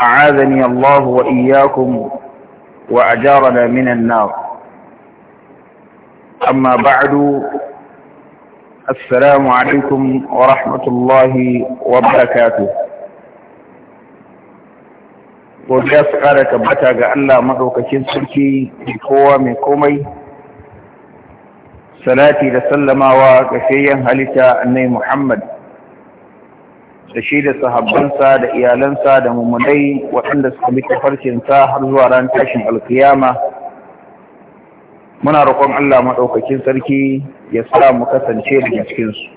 أعاذني الله وإياكم وأجارنا من النار أما بعد السلام عليكم ورحمة الله وبركاته وجاس قالك بتاك ألا مروك شنسكي بقوة من قومي صلاتي لسلم وكفيا هلتا أني محمد da shi da sahabbansa da iyalansa da mummunai waɗanda suka bi tafarkinsa har zuwa ran tashin alkiyama muna roƙon Allah maɗaukakin sarki ya sa mu kasance daga cikinsu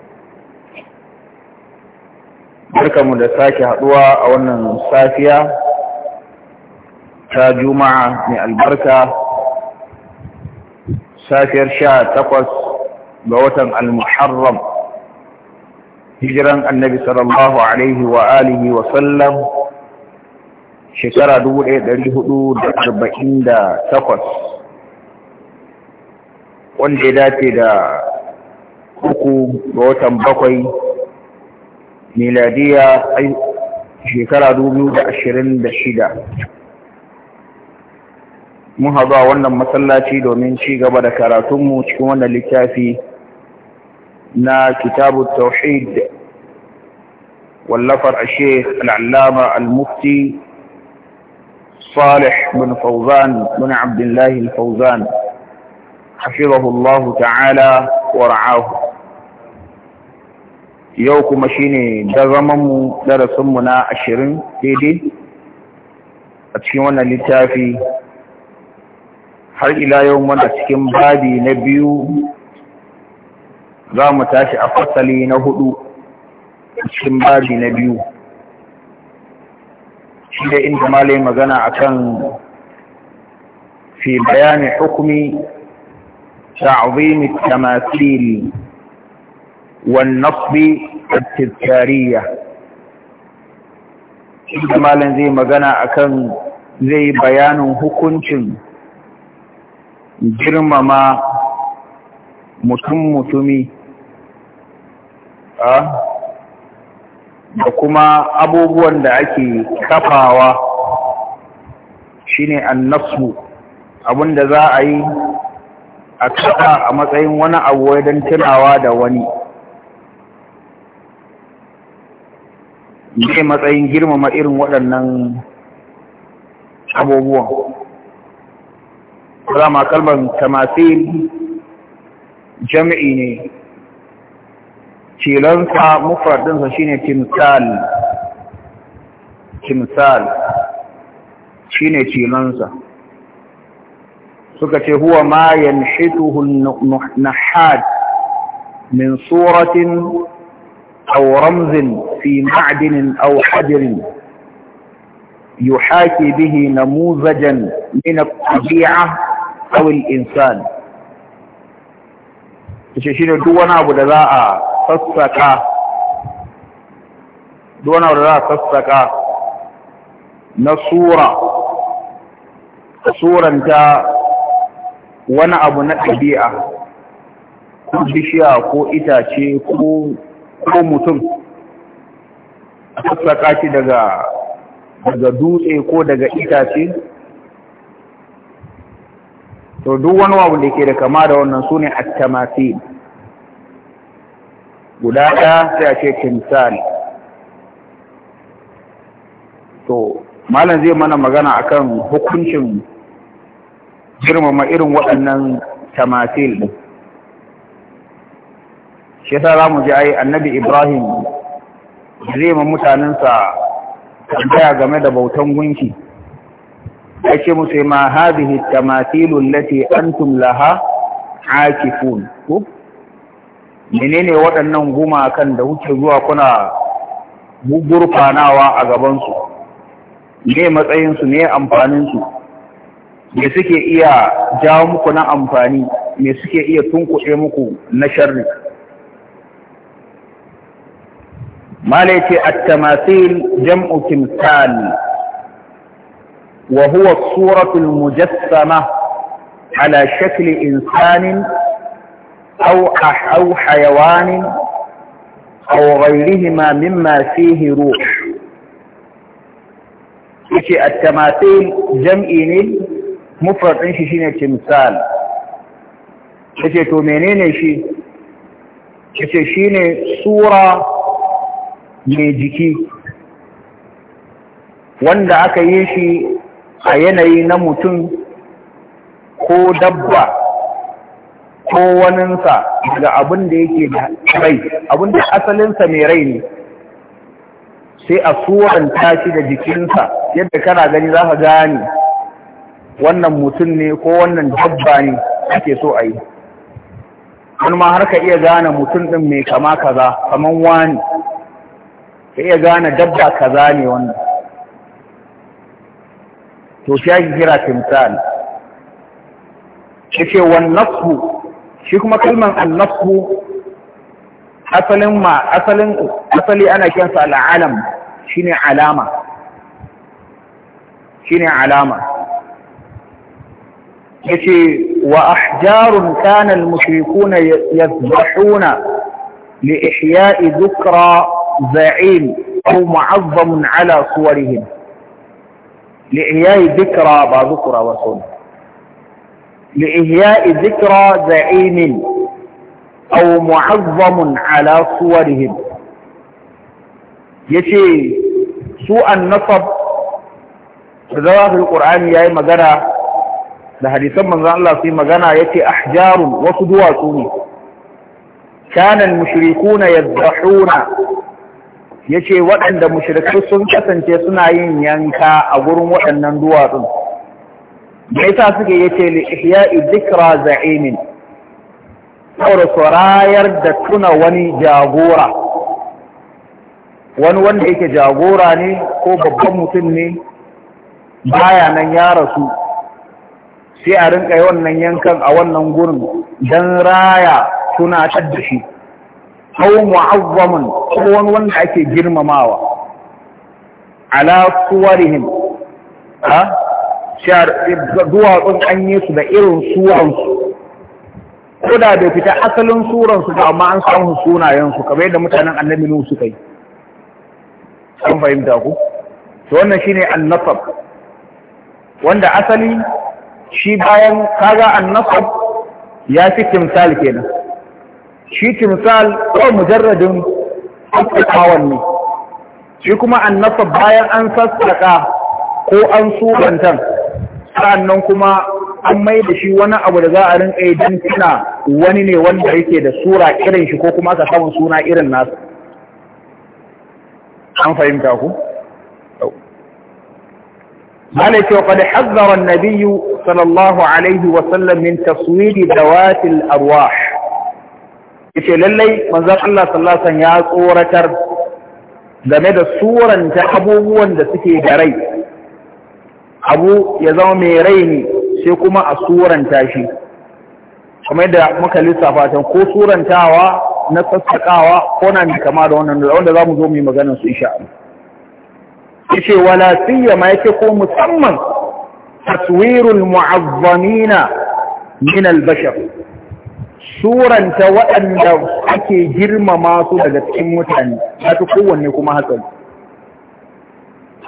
barkanmu da sake haɗuwa a wannan safiya ta juma'a mai albarka safiyar sha takwas ga watan almuharram hijiran annabi sallallahu alaihi wa alihi wa sallam shekara 1448 wanda ya dace da uku ga watan bakwai miladiya shekara 2026 mun haɗu a wannan masallaci domin ci gaba da karatunmu cikin wannan littafi na kitabu tauhid wallafar a sheikh al'allama al-mufti صالح بن فوزان بن عبد الله الفوزان حفظه الله تعالى ورعاه يوكم شيني دغمم درسمنا عشرين ديدي أتشيونا لتافي har ila yau mana cikin babi na biyu za mu tashi a fasali na hudu cikin babi na biyu shi da inda malai magana a kan fi bayani hukumi ta'azimi tamasiri wan nasbi tattariya da malai zai magana a kan zai bayanin hukuncin girmama mutum-mutumi mutum mutumi da kuma abubuwan da ake kafawa shi shine annasu abinda za a yi a kafa a matsayin wani abu don tunawa da wani ne matsayin girmama irin waɗannan abubuwan zama kalmar tamasil jami'i ne cilansa mufradinsa shine timsal timsal shine cilansa suka ce huwa ma yanshituhu an-nahad min suratin aw ramzin fi ma'dinin aw hadrin yuhaki bihi namuzajan min at-tabi'a aw al-insan shi ne duk wani abu da za a sassaka duwana da za a sassaka na sura a suranta wani abu na ɗabi'a ko bishiya ko itace ko mutum a sassaka shi daga daga dutse ko daga itace to duk wani abu da ke da kama da wannan su ne at guda ɗaya sai a ce timsal to malam zai mana magana akan hukuncin girmama irin waɗannan tamasil shi yasa za mu ji ai annabi ibrahim zai ma mutanensa tambaya game da bautan gunki ya ce musu ma hadhihi tamathilul lati antum laha akifun ko menene waɗannan gumakan da kuke zuwa kuna gurfanawa a gabansu ne matsayinsu ne amfaninsu me suke iya jawo muku na amfani me suke iya tunkuɗe muku na sharri Male ce at jam'u timsal wa huwa suratul mujassama ala shakli insanin أو أو حيوان أو غيرهما مما فيه روح يشي التماثيل جمعين مفرد انشي شين التمثال يشي تومينين يشي يشي شين صورة ميجيكي wanda اكا يشي اينا a yanayi na mutum ko waninsa daga abin da yake da rai abin da asalinsa mai rai ne sai a tsoron tashi da jikinsa yadda kana gani za ka gane wannan mutum ne ko wannan dabba ne ake so a yi wani ma har ka iya gane mutum ɗin mai kama kaza kaman wani ka iya gane dabba kaza ne wannan to shi ake kira timsal ce wan ku? shi kuma kalman annafsu asalin ma asalin asali ana kiransa al'alam shine alama shine alama yace wa ahjarun kana al-mushrikuna yadhbahuna li ihya'i dhikra za'im aw mu'azzamun ala suwarihim li ihya'i dhikra ba dhikra wa sunnah لإحياء ذكرى زعيم أو معظم على صورهم يشي سوء النصب ذواب القرآن يا مغنى da hadisan manzon Allah sai magana yace ahjarun wasu duwatsu ne kanan mushrikuna yadhbahuna yace waɗanda mushrikai sun kasance suna yin yanka a gurin waɗannan duwatsun da suke yace li ihya'i dhikra za'imin saboda sorayar da tuna wani jagora wani wanda yake jagora ne ko babban mutum ne baya nan ya rasu sai a rinka wannan yankan a wannan gurin Dan raya tuna da shi hau mu'azzamin ko wani wanda ake girmamawa ala suwarihim ha duwatsun an yi su da irin suransu ko da bai fita asalin suransu ba amma an samu sunayensu kamar yadda mutanen annabi nu suka yi an fahimta ku to wannan shine annasab wanda asali shi bayan kaga annasab ya fi timsal kenan shi timsal ko mujarradin tsakawan ne shi kuma annasab bayan an sassaka ko an subantan sa'annan kuma an mai da shi wani abu da za a rinka yi don tuna wani ne wanda yake da sura irin shi ko kuma aka samu suna irin nasu. an fahimta ku قال وقد حذر النبي صلى الله عليه وسلم من تصوير ذوات الأرواح yace lallai manzon Allah sallallahu alaihi wasallam ya tsoratar game da suranta abubuwan da suke da rai abu ya zama mai raini sai kuma a suranta shi kamar yadda muka lissafa ko surantawa na sassaƙawa ko na mai kama da wannan wanda za mu zo mu yi maganar su insha Allah yace wala siyama yake ko musamman taswirul mu'azzamina min al-bashar suranta waɗanda ake girmama su daga cikin mutane ta kowanne kuma hatsari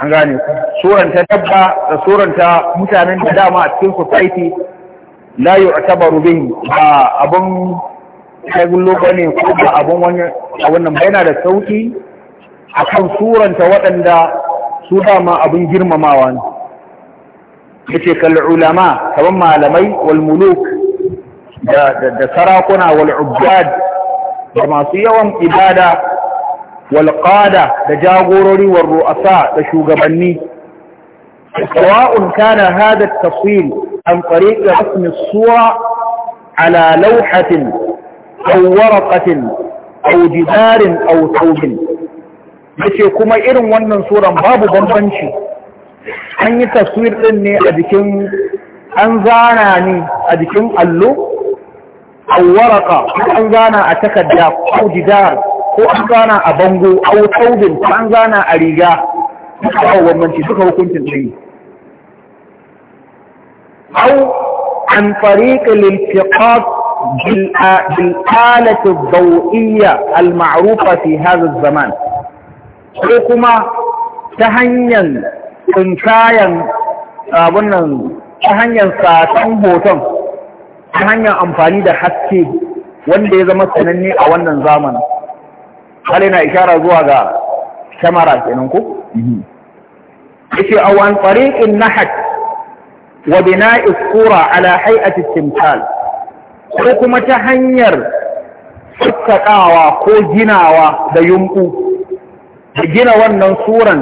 an gane suranta dabba da suranta mutanen da dama a cikin society la yu'tabaru bihim ba abun shagullo bane ko ba abun wani a da sauki akan suranta waɗanda su dama abun girmamawa ne yace kal ulama kaman malamai wal muluk da da sarakuna wal ubbad da masu yawan ibada walƙada da jagorori wa ru'asa da shugabanni sawa'un kana hada tafsir an tariqa rasmi suwa ala lawhatin aw waraqatin aw jidarin aw yace kuma irin wannan suran babu bambanci an yi taswir ɗin ne a jikin an zana ne a jikin allo aw waraqa an zana a takarda aw jidar ko an gana a bango a wutaudin ko an gana a riga duka abubuwan manci duka hukuncin ɗari Hau an fariƙa lilfiƙat bil'alata zau'iyya al-ma'rufa fi hazar zaman ko kuma ta hanyar tsuntayen sabon ta hanyar satan hoton ta hanyar amfani da haske wanda ya zama sananne a wannan zamanin hal yana ishara zuwa ga shamara kenan ko yace aw an tariqin nahat wa bina'i sura ala hay'ati timthal ko kuma ta hanyar sakkakawa ko ginawa da yumbu da gina wannan suran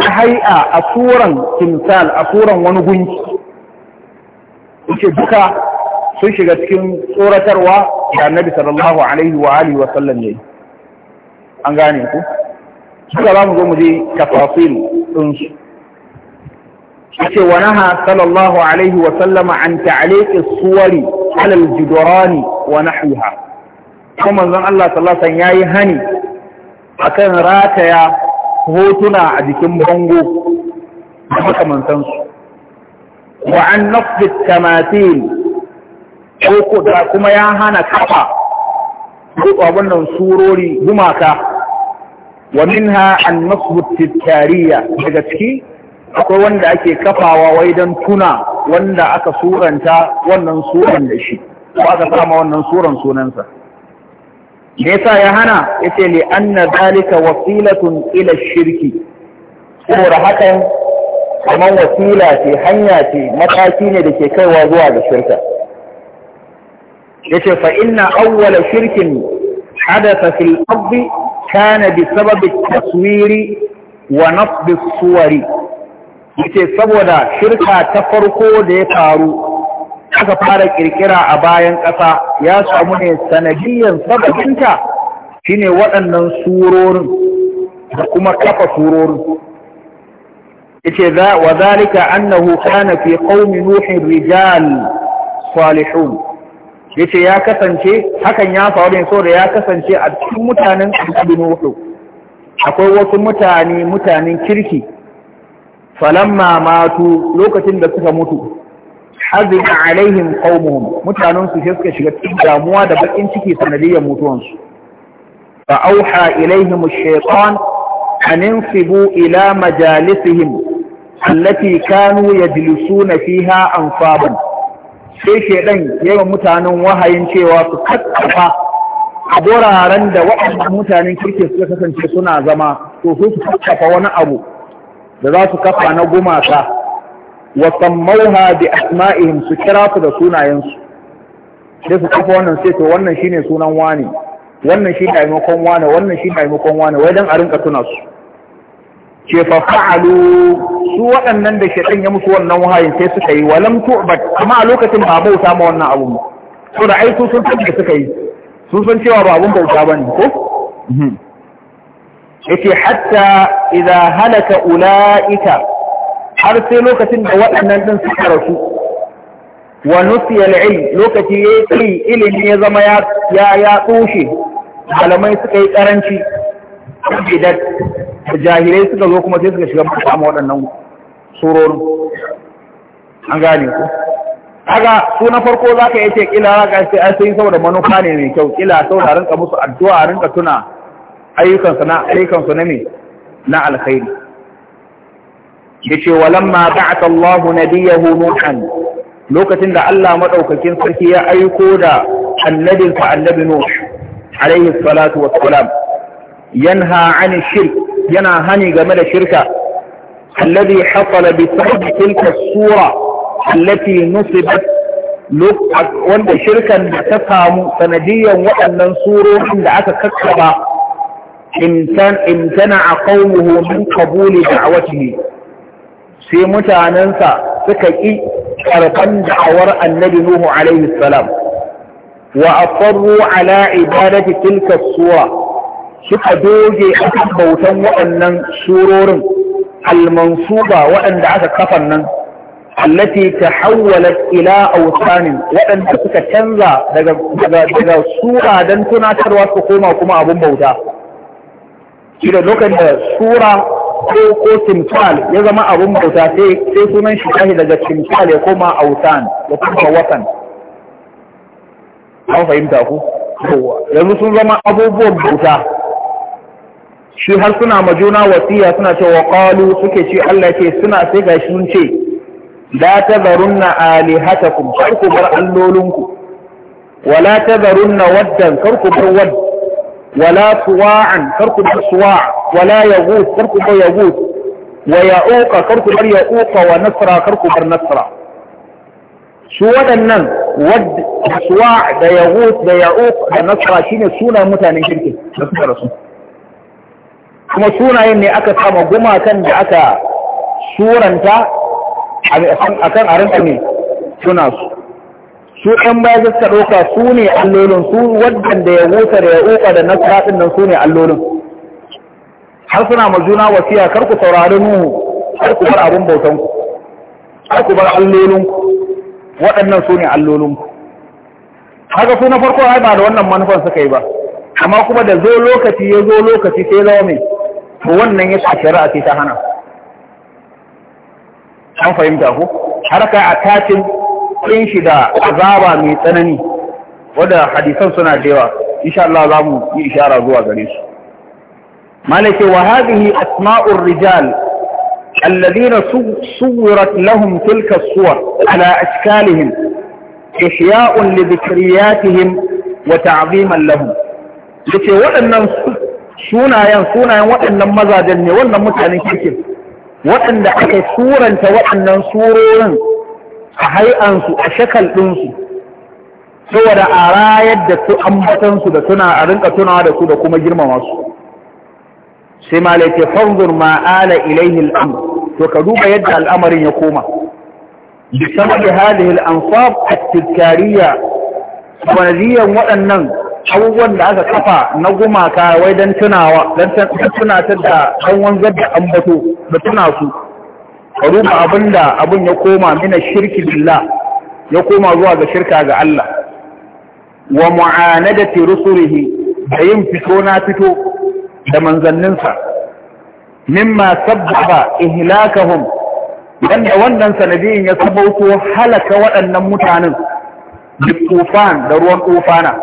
ta hai'a a suran timthal a suran wani gunki yace duka sun shiga cikin tsoratarwa da annabi sallallahu alaihi wa alihi wa sallam yayi an gane ku suka za mu zo mu je tafafil ɗin su yace wa naha sallallahu alaihi wa sallama an ta'liqi suwari ala al-judurani wa nahwiha kuma manzon Allah sallallahu alaihi yayi hani akan rataya hotuna a jikin bango da makamantan su wa an nafd tamathil ko kuma ya hana kafa ko abun nan surori gumaka wa ha an-nasb tariya daga ciki akwai wanda ake kafawa wai don tuna wanda aka suranta wannan suran da shi ko aka sama wannan suran sunansa me yasa ya hana yace li anna zalika wasilatun ila shirki saboda hakan kamar wasila ce hanya ce mataki ne da ke kaiwa zuwa ga shirka yace fa inna awwala shirkin hadatha fil ardi kana bi taswiri wa nasbi suwari yace saboda shirka ta farko da ya faru aka fara kirkira a bayan ƙasa ya samu ne sanadiyyar sababinta shine waɗannan surorin da kuma kafa surorin yace wa zalika annahu kana fi qaumi nuhin rijal salihun ya ce ya kasance hakan ya faru ne saboda ya kasance a cikin mutanen annabi nuhu akwai wasu mutane mutanen kirki falamma matu lokacin da suka mutu hazin alaihim qaumuhum mutanen su suka shiga cikin damuwa da bakin ciki sanadiyar mutuwansu fa auha ilaihim ash-shaytan an insibu ila majalisihim allati kanu yajlisuna fiha anfaban sai shaidan yawan mutanen wahayin cewa su kakkafa a wuraren da waɗannan mutanen kirki suka kasance suna zama to su su kakkafa wani abu da za su kafa na gumaka wa sammauha bi asma'ihim su kira su da sunayensu sai su kafa wannan sai to wannan shine sunan wani wannan shi ne maimakon wani wannan shi ne maimakon wani wai dan a rinka tuna su ce fa fa'alu su waɗannan da shaitan ya musu wannan wahayin sai suka yi walam tu'bat amma a lokacin ba bauta ma wannan abun so da ai su sun san da suka yi sun san cewa ba abun bauta ba ne, ko mhm. yake hatta idza halaka ulaika har sai lokacin da waɗannan din suka rasu wa nusiya al-ilm lokaci yayi ilimi ya zama ya ya ya malamai suka yi karanci bidat da jahilai suka zo kuma sai suka shiga mata ma waɗannan surorin an gane ku kaga su na farko za ka yace kila ka sai an sai saboda manufa ne mai kyau kila saboda rinka musu addu'a rinka tuna ayyukansu na ayyukansu na me na alkhairi yace walamma ba'atha Allahu nabiyahu nuhan lokacin da Allah madaukakin sarki ya aiko da annabinsa annabi nuh alaihi salatu wassalam yanha 'ani shirk yana hani game da shirka alladhi hasala bi sahibi tilka sura allati nusibat wanda shirkan da ta samu sanadiyan waɗannan surorin da aka kakkaba imtana a qaumuhu min qabuli da'awatihi sai mutanensa suka ƙi karɓan da'awar annabi Nuhu alaihi salam wa asarru ala ibadati tilka sura suka doge a kan bautan waɗannan surorin almansuba waɗanda aka kafan nan allati tahawwalat ila awsanin waɗanda suka canza daga daga sura dan tunatarwa su koma kuma abun bauta shi da lokacin da sura ko ko timtal ya zama abun bauta sai sai sunan shi tashi daga timtal ya koma awsan ya kuma watan an fahimta ku yanzu sun zama abubuwan bauta shi har suna ma juna wasiya suna cewa qalu suke ce Allah ce suna sai gashi sun ce la tazarunna alihatakum kar ku bar allolunku. wala tazarunna waddan kar ku bar wad, wala suwa'an kar ku bar suwa' wala yaghus kar ku bar yaghus wa ya'uqa kar ku bar ya'uqa wa nasra kar ku bar nasra su waɗannan wadd suwa' da yaghus da ya'uq da nasra shine sunan mutanen kirki da suka rasu kuma sunayen ne aka sama gumakan da aka suranta a kan a rinka ne suna su su ɗan baya suka ɗauka su ne allolin su waɗanda ya wuta da ya uka da na ɗin nan su ne allolin har suna ma juna wasiya kar ku saurari nuhu kar ku bar abin bautan ku kar ku bar allolin ku waɗannan su ne allolin ku haka su na farko ai ba da wannan manufan suka yi ba amma kuma da zo lokaci ya zo lokaci sai zama mai to wannan ya shari'a ce ta hana an fahimta ko harka a tashin kin shi da azaba mai tsanani wadda hadisan suna da yawa insha Allah za mu yi ishara zuwa gare su malake wa hadhihi asma'ur rijal alladhina suwirat lahum tilka suwar ala ashkalihim ihya'un li dhikriyatihim wa ta'ziman lahum yace waɗannan sunayen sunayen waɗannan mazajen ne wannan mutanen kirkin waɗanda aka suranta waɗannan surorin a hai'ansu a shakal ɗinsu saboda a rayar da su ambatansu da tuna a rinka tunawa da su da kuma girmama su sai malai ke fanzur ma'ala ilaihi al'amr to ka duba yadda al'amarin ya koma bi sababi hadhihi al-ansab at-tizkariya waɗannan abubuwan da aka kafa na gumaka wai don tunawa don tunatar da an wanzar da ambato da tuna su ka ruba abin da abin ya koma mina shirki billah ya koma zuwa ga shirka ga Allah wa mu'anadati rusulihi da yin fito na fito da manzanninsa mimma sabbaba ihlakahum yanda wannan sanadiyin ya sabauto halaka waɗannan mutanen bi tufan da ruwan tufana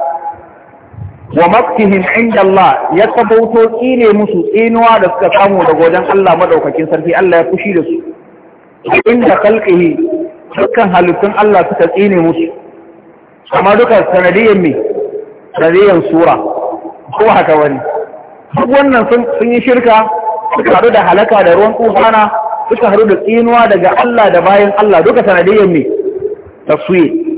wa maskihim inda Allah ya sabauto tsine musu tsinuwa da suka samu daga wajen Allah madaukakin sarki Allah ya fushi da su inda kalqihi dukkan halittun Allah suka tsine musu amma duka sanadiyan me sanadiyan sura ko haka wani duk wannan sun yi shirka suka haɗu da halaka da ruwan tufana suka haɗu da tsinuwa daga Allah da bayan Allah duka sanadiyan me taswiye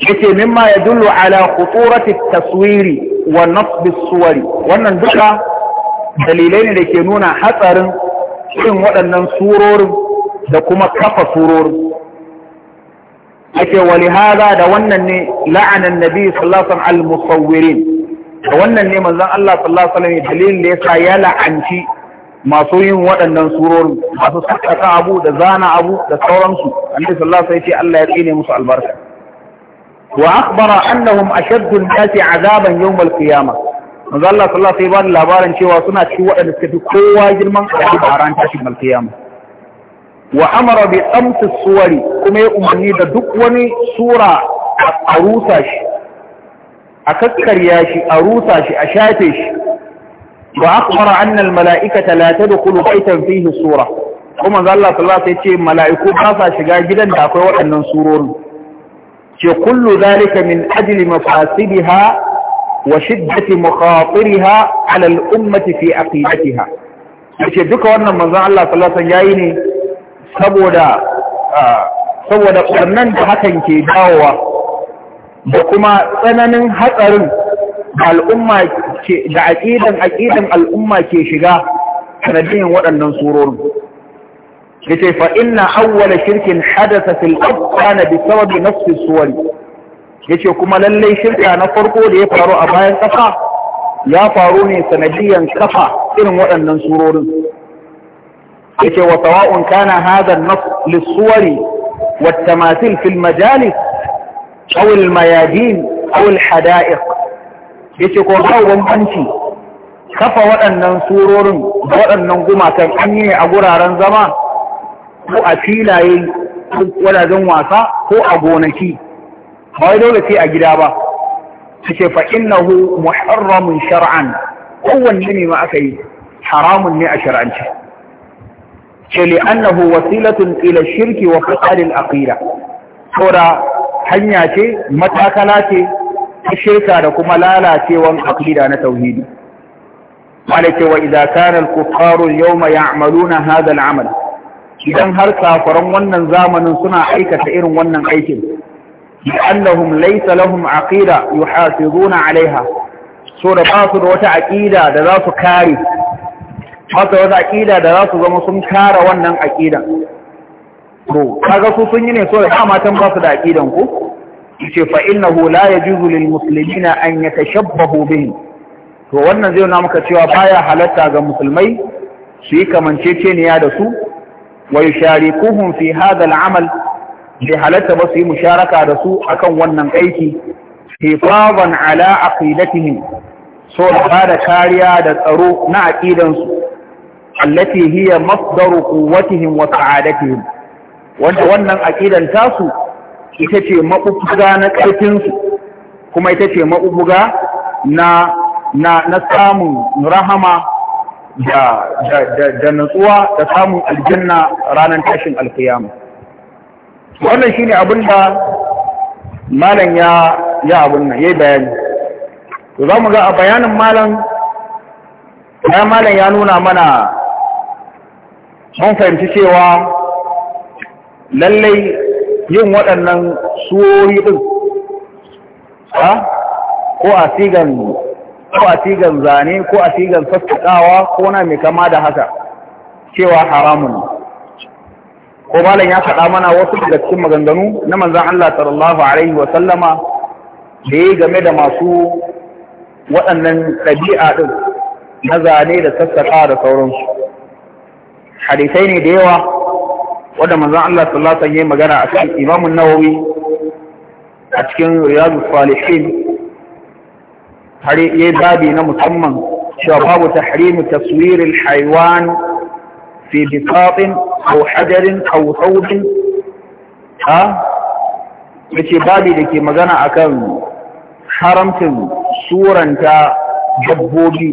yake mimma ya dullu ala khuturati taswiri wa nasbi suwari wannan duka dalilai ne da ke nuna hatsarin irin waɗannan surorin da kuma kafa surorin ake wali hada da wannan ne la'anan nabi sallasan al-musawwirin da wannan ne manzan Allah sallasan ne dalilin da ya ya la'anci masu yin waɗannan surorin masu sakaka abu da zana abu da sauransu annabi sallasan ya ce Allah ya tsine musu albarka وأخبر أنهم أشد الناس عذابا يوم القيامة manzo Allah sallallahu alaihi wasallam labarin cewa suna cikin waɗanda suka fi kowa girman azabi a ran tashin alkiyama wa amara bi tsamti suwari kuma ya umarni da duk wani sura a rusa shi a kakkarya shi a rusa shi a shafe shi wa akhbara anna al mala'ikata la tadkhulu baytan fihi sura kuma manzo Allah sallallahu ba sa shiga gidan da akwai waɗannan surorin ce kullu zalika min ajli mafasidiha wa shiddati mukhatiriha ala al-ummati fi aqidatiha yace duka wannan manzon Allah sallallahu alaihi wasallam yayi ne saboda saboda ƙarnan da hakan ke dawowa da kuma tsananin hatsarin al'umma da aƙidan aƙidan al'umma ke shiga sanadiyan waɗannan surorin yace fa inna awwala shirkin hadatha fil kana bi sababi nafsi suwari yace kuma lallai shirka na farko da ya faru a bayan kasa ya faru ne sanadiyan kafa irin waɗannan surorin yace wa sawa'un kana hadha an-nafs lis-suwari wat-tamathil fil majalis aw al-mayadin aw al-hada'iq yace ko kawo bambanci kafa waɗannan surorin waɗannan gumakan an yi a guraren zama ko a filaye wajajen wasa ko a gonaki ba wai dole sai a gida ba suke fa innahu muharramun shar'an kowanne ne ma aka yi haramun ne a shar'ance ce annahu wasilatun ila shirki wa fasadil aqida saboda hanya ce matakala ce ta shirka da kuma lalacewan aqida na tauhidi malaka wa idza kana al-kuffaru yawma ya'maluna hadha al-amal idan har safaran wannan zamanin suna aikata irin wannan aikin annahum laysa lahum aqida yuhafizuna alaiha so da ba su da wata aqida da za su kare ba su wata aqida da za su zama sun kare wannan aqida to kaga su sun yi ne so da dama tan ba su da aqidan ku yace fa innahu la yajuzu lil muslimina an yatashabbahu bihi to wannan zai na muka cewa baya halatta ga musulmai su yi kamanceceniya da su Wai yusharikuhum fi hadha la'amal? Bai halarta ba su yi musharaka da su akan wannan aiki hifaban ala aqidatihim so bada kariya da tsaro na aqidansu allati hiya masdaru quwwatihim wa sa'adatihim wanda wannan aqidan tasu ita ce mabubuga kuma ita ce mabubuga na samun rahama da natsuwa da samun aljanna ranar tashin alkiyama wannan shine abin da malam ya ya abin nan yayi bayani to zamu ga a bayanin malam ya malam ya nuna mana mun fahimci cewa lallai yin waɗannan suwoyi din ko a sigan ko a sigan zane ko a sigan sassaƙawa ko na mai kama da haka cewa haramun ko malam ya faɗa mana wasu daga cikin maganganu na manzan Allah sallallahu alaihi wa sallama da ya game da masu waɗannan ɗabi'a ɗin na zane da sassaƙa da sauransu hadisai ne da yawa wadda manzan Allah sallallahu alaihi magana a cikin imamun nawawi a cikin riyadu salihin har yi babi na musamman cewa babu tahrimu taswirin haiwan fi bisatin ko hadarin ha ya ce babi da ke magana akan haramcin suranta dabbobi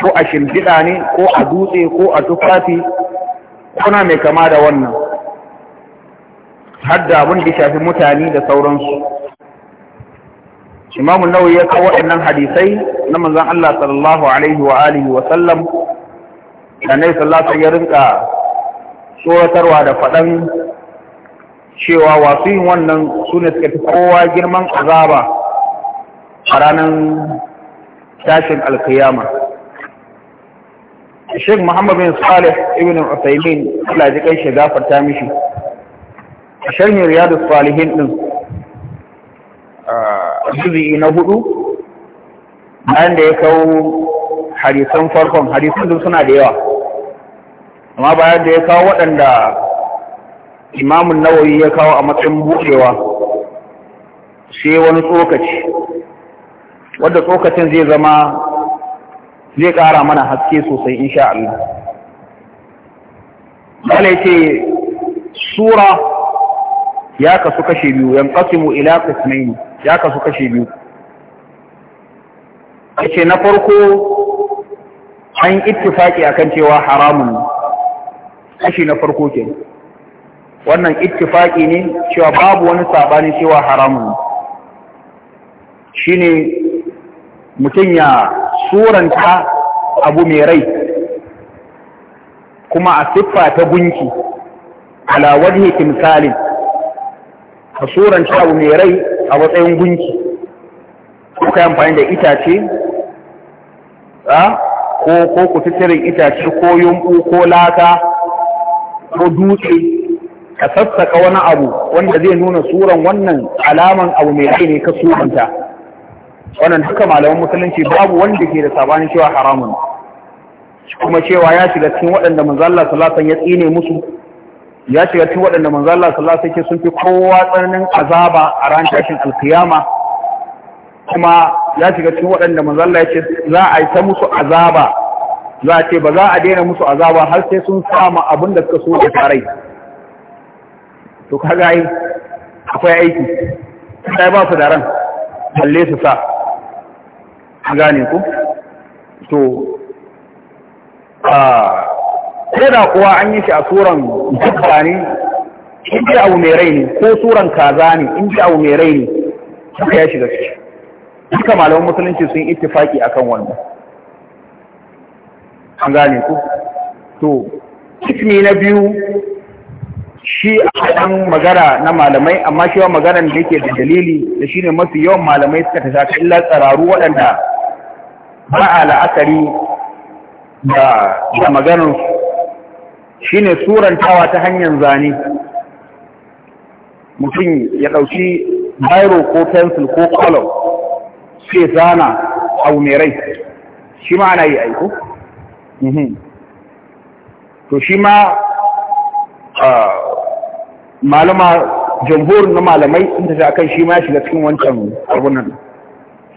ko a shimfiɗa ne ko a dutse ko a tufafi kuna mai kama da wannan hadda abin da shafi mutane da sauransu imamu nawawi ya kawo waɗannan hadisai na manzon Allah sallallahu alaihi wa alihi wa sallam da nai sallallahu ya rinka tsoratarwa da faɗan cewa wasu yin wannan su ne suka fi kowa girman azaba a ranar tashin alkiyama shin Muhammad bin Salih ibn usaimin Allah ji kai shiga gafarta mishi a shirin riyadu Salihin din juzi'i na hudu bayan da ya kawo hadisan farkon hadisan duk suna da yawa amma bayan da ya kawo waɗanda imamun nawayi ya kawo a matsayin buɗewa sai wani tsokaci wadda tsokacin zai zama zai ƙara mana haske sosai in insha Allah. Bala ce, Sura ya kasu kashe biyu, yan ƙasimu ila kasmaini. ya kasu kashi biyu ce na farko an ittifaki akan cewa haramun kashi na farko ke wannan ittifaki ne cewa babu wani sabani cewa haramun shine mutum ya suranta abu mai rai kuma a siffa ta gunki ala wajhi timsalin ka suranta abu mai rai a matsayin gunki kuka yi amfani da itace a ko ko ku itace ko yumbu ko laka ko dutse ka sassaka wani abu wanda zai nuna suran wannan alaman abu mai rai ne ka tsoronta wannan duka malaman musulunci babu wanda ke da sabanin cewa haramun kuma cewa ya shiga cikin waɗanda manzallar salatan ya tsine musu ya shiga cikin waɗanda manzo Allah sallallahu alaihi wasallam sun fi kowa tsananin azaba a ran tashin alkiyama kuma ya shiga cikin waɗanda manzo Allah ya ce za a yi ta musu azaba za a ce ba za a daina musu azaba har sai sun samu abin da suka so da tarai to kaga ai akwai aiki sai ba su da ran balle su sa gane ku to ah ko da kuwa an yi shi a turan jikka ne in ji abu mai rai ne ko turan kaza ne in ji abu mai rai ne suka ya shiga ciki duka malaman musulunci sun a akan wannan an gane ku to ismi na biyu shi a ɗan magana na malamai amma shi yawan magana da yake da dalili da shi ne mafi yawan malamai suka tasha kalla illa tsararu waɗanda ba a la'akari da maganarsu Shi ne surantawa ta hanyar zane mutum ya ɗauki biro ko pencil ko column sai zana abu mai rai shi ma ana yi aiko mhm. to shi ma malama jamhur na malamai inda ta akan shi ma shiga cikin wancan abunan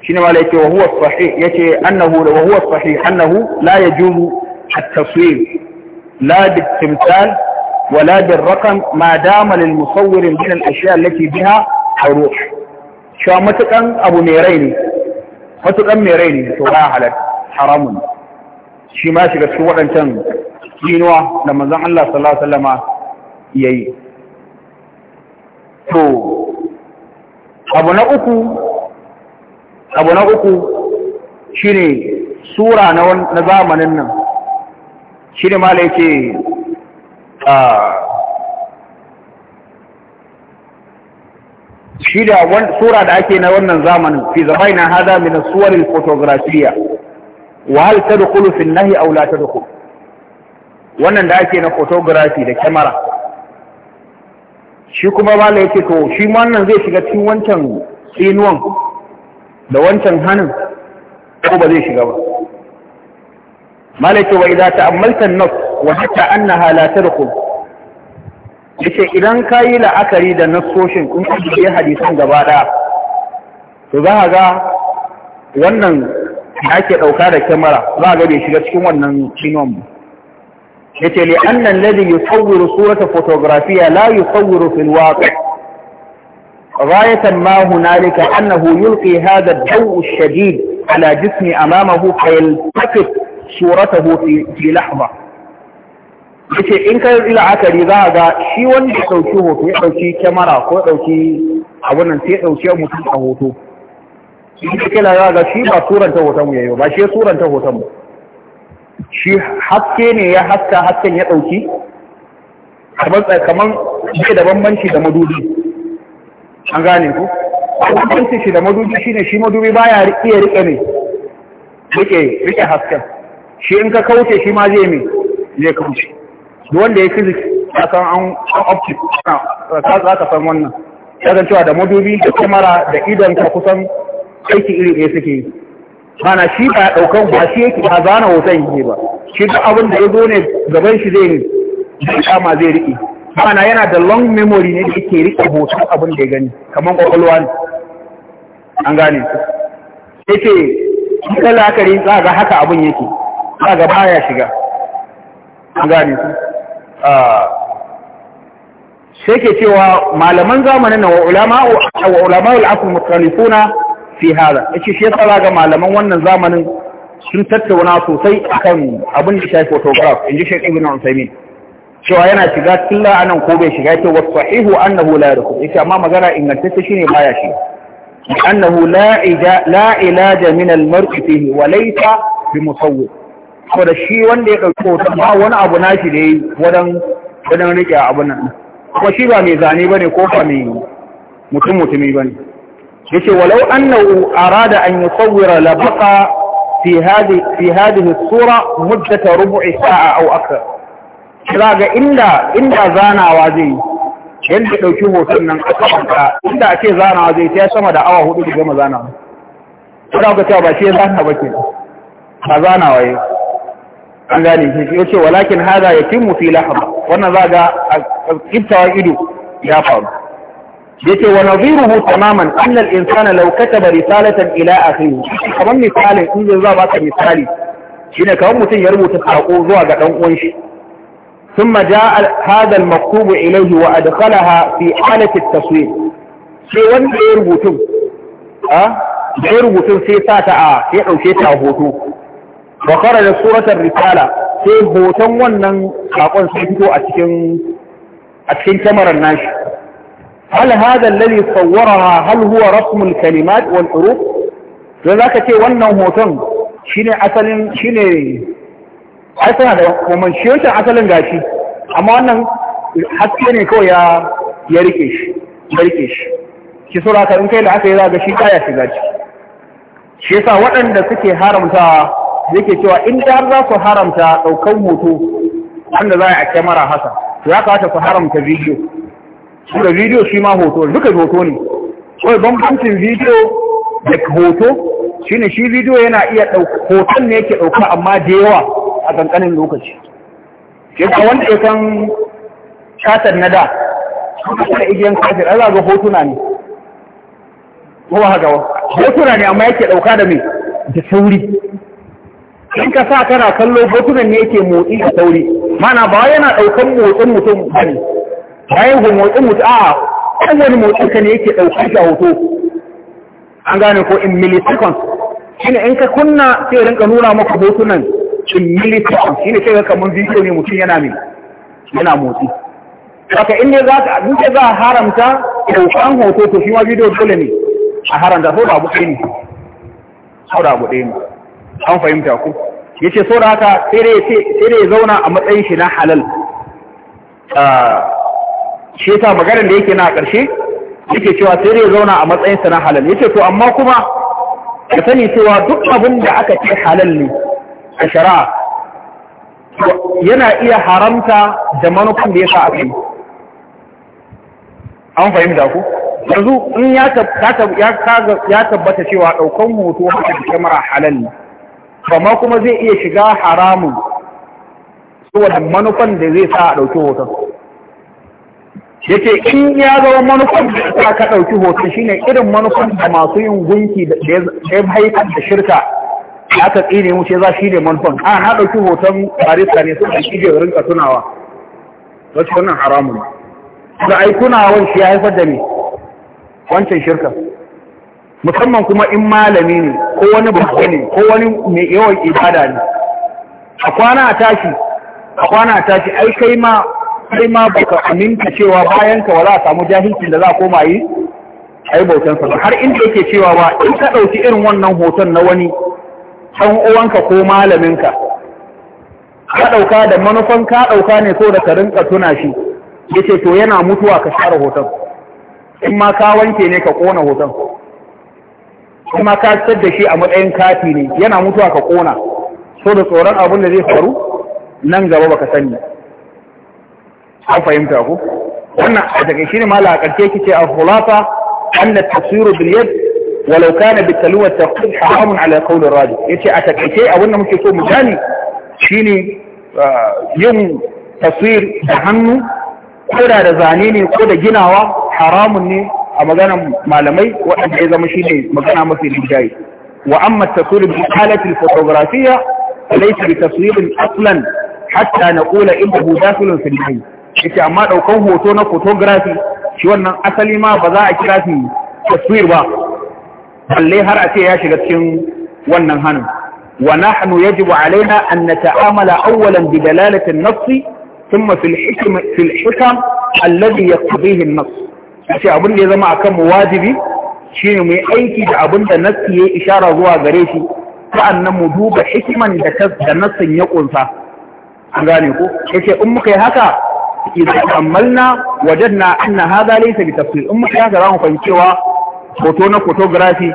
shi ne malai yake wa sahih annahu da wahuwa sahih annahu la juru a taswir لا بالتمثال ولا بالرقم ما دام للمصور من الأشياء التي بها حروح شو متقن أبو ميريني matuƙan mere ne to ba halal haramun shi ma shiga cikin waɗancan kinuwa da manzon Allah sallallahu alaihi wasallama yayi to uku abu na uku shine sura na zamanin nan shi ne mala yake shi da sura da ake na wannan zamanin fi ina hada mina tsuwarin fotografiya wa hal da kulufin nahi aw da kulu wannan da ake na fotografi da kyamara shi kuma mala yake to shi wannan zai shiga cin wancan tsinuwan da wancan hannun ko ba zai shiga ba مالك وإذا تأملت النص وحتى أنها لا تدخل yace idan ka yi la'akari da nassoshin in ka biye hadisan gaba ɗaya to za ga wannan da ake ɗauka da kyamara za ga bai shiga cikin wannan cinon ba yace li annan ladhi yusawwiru surata fotografiya la yusawwiru fil waqi' غاية ما هنالك أنه يلقي هذا الضوء الشديد على جسم أمامه فيلتفت suratahu fi lahma yace in ka yi la'akari za ga shi wanda ya ɗauki hoto ya ɗauki kyamara ko ya ɗauki nan sai ya ɗauki mutum a hoto shi da la za ga shi ba suranta hoton ya yi ba shi ya suranta hoton shi haske ne ya haska hasken ya ɗauki kamar bai da bambanci da madubi an gane ku bambanci shi da madubi shine shi madubi baya iya riƙe ne rike rike hasken shi in ka kauce shi ma zai mai zai kauce wanda ya fizik a san an optic za ka san wannan ya cewa da madubi da kamara da idon ka kusan aiki iri ɗaya suke yi mana shi ba ɗaukan ba shi yake ba zana hoton yi ba shi duk abin da ya zo ne gaban shi zai ne zai kama zai riƙe mana yana da long memory ne da yake riƙe hoton abin da ya gani kamar ƙwaƙwalwa ne an gane yake shi kalakari za ga haka abin yake ba baya shiga an su sai ke cewa malaman zamanin na wa ulama'u wa ulama'ul asr mutalifuna fi hada yace shi yasa ga malaman wannan zamanin sun tattauna sosai kan abin da shafi photograph inji Sheikh Ibn Uthaymeen cewa yana shiga a nan ko bai shiga yace wasu sahihu annahu la yarku yace amma magana ingantacce ne baya shi annahu la ija la ilaja min al-mar'i fihi wa laysa bi musawwir da shi wanda ya ɗauki hoton ba wani abu nashi da ya yi wajen riƙe riƙe abin nan kuma shi ba mai zane ba ne ko ba mai mutum mutumi ba ne ya ce walau annahu arada an yi tsawira labaka fi hadihi sura muddata rubu'i a au aka kira ga inda inda zanawa zai yadda ɗauki hoton nan a kamanta inda ake zanawa zai ta sama da awa hudu da gama zanawa. Kuna ka cewa ba shi zanawa ba ke ba zanawa yau. an gane shi ya ce walakin hada ya kimmu fi lahama wannan za ga a kiftawa ido ya faru ya ce wa naziruhu tamaman annal insana law kataba risalatan ila akhihi kamar misali, in zai za ba ka misali shine kamar mutum ya rubuta sako zuwa ga dan uwan shi ثم جاء هذا wa إليه وأدخلها في حالة التصوير sai wanda ya rubutun a ah, ya rubutun sai sa ta a ya ɗauke ta a hoto wa da suratul risala sai hoton wannan sakon sun fito a cikin a cikin kamarar nashi hal hada alladhi sawwaraha hal huwa rasmul kalimat wal huruf za ka ce wannan hoton shine asalin shine ai sana da kuma shi asalin gashi amma wannan haske ne kawai ya ya rike shi ya rike shi ki sura ka in kai da ya yi zaga shi kaya shiga ciki shi yasa waɗanda suke haramta yake cewa in da har za ku haramta ɗaukan hoto wanda za a kyamara haka ya kamata ku haramta bidiyo Su da bidiyo shi ma hoto duka hoto ne kawai bambancin bidiyo da hoto shi ne shi bidiyo yana iya hoton ne yake ɗauka amma da yawa a ƙanƙanin lokaci shi ka wanda ya kan shatar na da suka da igiyan kafin an zaga hotuna ne ko ba haka ba hotuna ne amma yake ɗauka da mai da sauri in ka sa kana kallo botunan ne yake motsi da sauri mana ba yana ɗaukan motsin mutum bane bayan ga motsin mutum a kowane motsin ka ne yake ɗaukan shi a hoto an gane ko in milliseconds shine in ka kunna sai rinka nuna maka botunan in milliseconds shine sai ga kamar video ne mutum yana mai yana motsi haka in ne za ka duka za a haramta ɗaukan hoto to shi ma bidiyo dole ne a haramta ko da abu ɗaya ne ko da abu ɗaya ne an fahimta ku yace so da haka sai dai sai dai zauna a matsayin shi na halal ah, shi ta maganar da yake na ƙarshe yake cewa sai dai zauna a matsayin sa na halal yace to amma kuma ka sani cewa duk abin da aka ce halal ne a shari'a yana iya haramta da manufan da yasa aka yi an fahimta ku yanzu in ya tabbata cewa ɗaukan hoto haka da kyamara halal ne amma kuma zai iya shiga haramun saboda manufan da zai sa a ɗauki hoton yake in ya zama manufan da sa ka ɗauki hoton shine irin manufan da masu yin gunki da ya haifar da shirka Ya ka tsine mu ce za shi ne manufan a na ɗauki hoton barista ne sun ɗauki jerin ka tunawa wacce wannan haramun ai aikunawan shi ya haifar da ni, wancan shirka musamman kuma in malami ne ko wani babba ne ko wani mai yawan ibada ne a kwana a tashi a kwana a tashi ai kai ma kai ma baka aminta cewa bayan ka wala a samu jahilcin da za a koma yi ai bautan sa har inda yake cewa ba in ka dauki irin wannan hoton na wani dan uwanka ko malamin ka ka dauka da manufan ka dauka ne so da ka rinka tuna shi yace to yana mutuwa ka share hoton in ma ka wanke ne ka kona hoton kuma ka tsar da shi a matsayin kati ne yana mutuwa ka kona so da tsoron abin da zai faru nan gaba baka sani an fahimta ku wannan a daga shi ne mala a ƙarshe kice a khulafa anna tasiru bil walau kana bi talwa taqul haramun ala yace a takaice abin da muke so mu gani shine uh, yin taswir da hannu ko da zane ne ko da ginawa haramun ne a maganar malamai waɗanda ya zama shine magana mafi rinjaye wa amma taswir bi halati fotografiya laysa bi taswirin aslan hatta naqula innahu dakhilun fil hayy yace amma daukan hoto na photography shi wannan asali ma ba za a kira shi taswir ba balle har a ce ya shiga cikin wannan hanin ونحن يجب علينا أن نتعامل أولا بدلالة النص ثم في الحكم, في الحكم الذي يقتضيه النص yace abin da ya zama akan mu wajibi shine mu yi aiki da abin da nassi ya ishara zuwa gare shi sa'annan mu duba hikiman da ta da nassin ya kunsa an gane ko yace in muka yi haka idan kammalna wajadna anna hadha laysa bi tafsir in muka yi haka za mu hoto na photography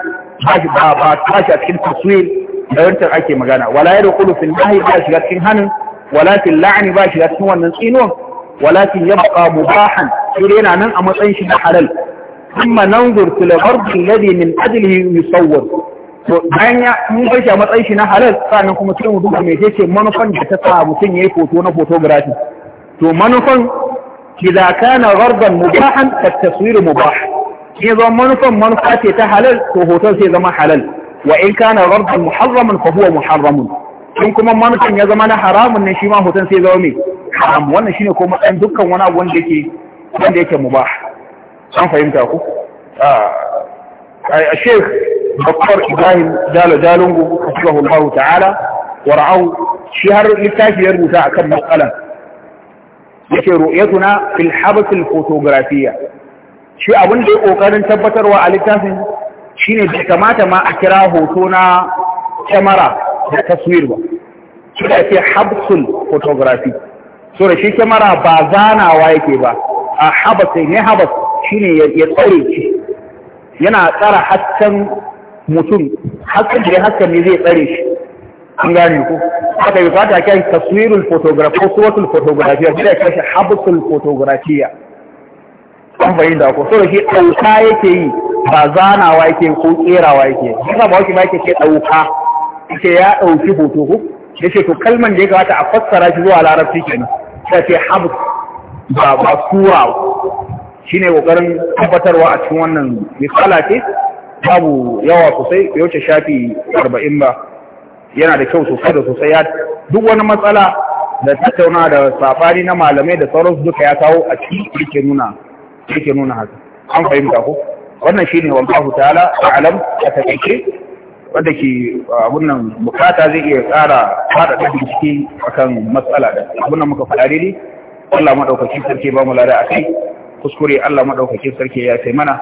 ba shi ba ba shi a cikin da yantar ake magana wala yadkhulu fil nahi ba shiga cikin hanin wala la'ani ba shiga cikin wannan tsinuwan walakin yabqa mubahan shi yana nan a matsayin shi na halal kuma nanzur til gharbi alladhi min ajlihi yusawwar to bayan ya mun bar a matsayin shi na halal kuma sai mu manufan ta sa mutum yayi foto na photography to manufan idza kana gharban mubahan fa taswir mubah ya zama manufan manufa ce ta halal to hoton sai zama halal wa in in kuma manufan ya zama na haramun ne hoton sai haram wannan shine ko matsayin dukkan wani abu wanda yake wanda yake mubah an fahimta ku ah, a sheikh bakar ibrahim jalo jalungu hasbahullahu ta'ala wa ra'au shi har littafi ya rubuta akan matsalan yake ru'yatuna fil habs al photographiya shi abin da ya kokarin tabbatarwa a littafin shine bai kamata ma a kira hoto na kyamara da taswir ba shi da ke habsul photography so da shi kyamara ba zanawa yake ba a habas ne habas shi ne ya tsare shi yana tsara hasken mutum hasken jirai hasken ne zai tsare shi an gane ku haka yi fata kai taswirul fotografiya, ko suwatul fotografiya zai da kashi habsul photography an da ko so da shi ɗauka yake yi ba zanawa yake ko tserawa yake yi ba wake ba yake ce ɗauka yake ya ɗauki hoto ko ce to kalman da ya kawata, a fassara shi zuwa larabci kenan ta ce habs ba ba shi ne kokarin tabbatarwa a cikin wannan misala ce babu yawa sosai ya wuce shafi 40 ba yana da kyau sosai da sosai ya duk wani matsala da tattauna da safari na malamai da sauransu duka ya kawo a ciki yake nuna haka an fahimta ko wannan shi shine wallahu ta'ala a'lam a takaice wanda ke abun nan bukata zai iya tsara fada da ciki akan matsala da abun nan muka faɗa daidai Allah madaukakin sarki ba mu lada akai kuskure Allah madaukakin sarki ya sai mana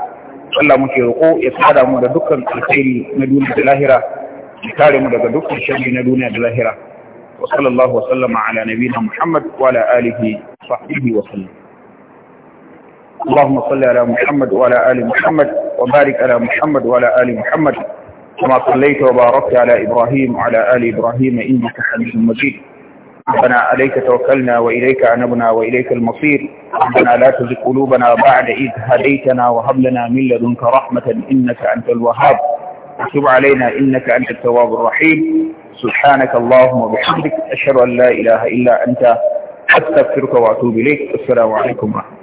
Allah muke roƙo ya tsada mu da dukkan alkhairi na duniya da lahira ya kare mu daga dukkan sharri na duniya da lahira wa sallallahu wa sallama ala nabiyina Muhammad wa ala alihi sahbihi wa sallam اللهم صل على محمد وعلى آل محمد وبارك على محمد وعلى آل محمد كما صليت وباركت على إبراهيم وعلى آل إبراهيم إنك حميد مجيد ربنا عليك توكلنا وإليك أنبنا وإليك المصير ربنا لا تزغ قلوبنا بعد إذ هديتنا وهب لنا من لدنك رحمة إنك أنت الوهاب وتب علينا إنك أنت التواب الرحيم سبحانك اللهم وبحمدك أشهد أن لا إله إلا أنت أستغفرك وأتوب إليك السلام عليكم ورحمة الله